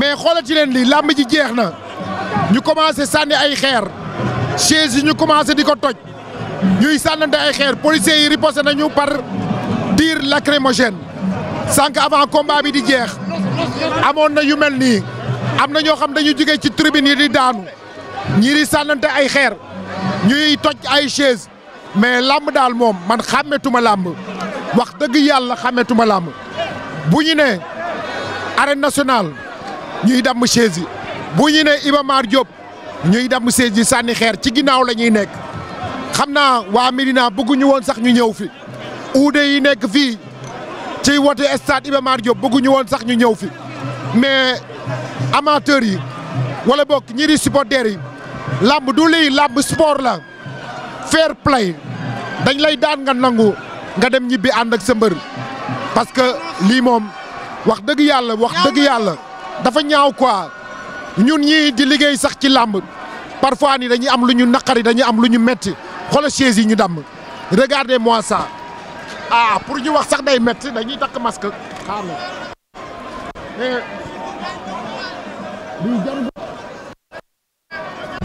mais xoolal ci leen lii làmb ji jeex na ñu commencé sànni ay xeer chaise yi ñu commencé di ko toj ñuy sànnante ay xeer policiers yi riposté nañu par tir lacrymogène sànq avant combat bi di jeex amoon na yu mel nii am na ñoo xam dañu jógee ci tribune yi di daanu ñii di sànnante ay xeer ñuy toj ay chaise mais làmb daal moom man xàmmetuma làmb wax dëgg yàlla xàmmetuma làmb bu ñu ne arène nationale ñuy damm chaise yi bu ñu ne Iba Mar ñuy damm chaise yi sànni xeer ci ginnaaw la ñuy nekk xam naa waa Médina bëgguñu woon sax ñu ñëw fi uude yi nekk fii ci wote stade Iba Mar Diop woon sax ñu ñëw fi mais amateurs yi wala bokk ñi di supporters yi làmb du lii làmb sport la fair play dañ lay daan nga nangu nga dem ñibbi ànd ak sa mbër parce que lii moom wax dëgg yàlla wax dëgg yàlla dafa ñaaw quoi ñun ñii di liggéey sax ci làmb parfois ni dañuy am lu ñu naqari dañuy am lu ñu metti xoolal chaise yi ñu dàmb regardez mois ça ah pour ñu wax sax day metti dañuy takk masque xaar eh.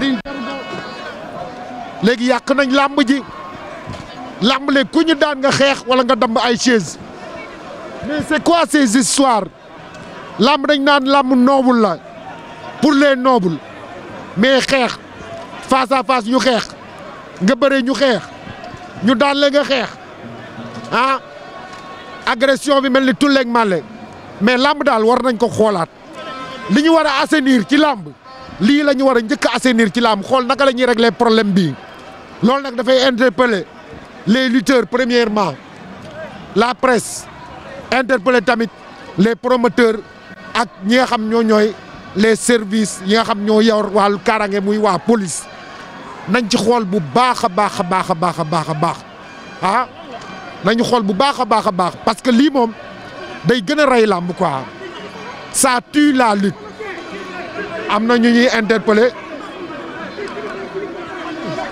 la léegi yàq nañ làmb ji làmb léegi ku ñu daan nga xeex wala nga damm ay chaise mais c'est quoi ces histoires làmb dañ naan làmb noble la pour les nobles mais xeex face à face ñu xeex nga bëre ñu xeex ñu daan la nga xeex ah agression bi mel ni tulleeg màlle mais làmb daal war nañ ko xoolaat li ñu war a assainir ci làmb lii la ñu war a njëkk a ci làmb xool naka la ñuy régler problème bii loolu nag dafay interpeller les lutteurs premièrement la presse interpeller tamit les promoteurs ak ñi nga xam ñoo ñooy les services yi nga xam ñoo yor wàllu kaaraange muy waa police nañ ci xool bu baax a baax a baax a baax a baax a baax ah nañu xool bu baax a baax a baax parce que lii moom day gën a ray làmb quoi ça tue la lutte am na ñu ñuy interpellé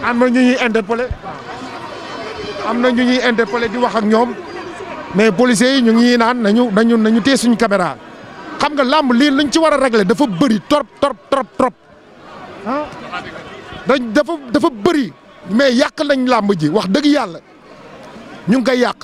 am na ñu ñuy interpellé am na ñuy interpellé di wax ak ñoom mais policiers yi ñu ngi naan nañu nañu nañu téye suñu caméra. xam nga làmb liin luñ ci war a régler dafa bëri trop trop trop trop ah dafa dafa bëri mais yàq nañ làmb ji wax dëgg yàlla ñu ngi koy yàq.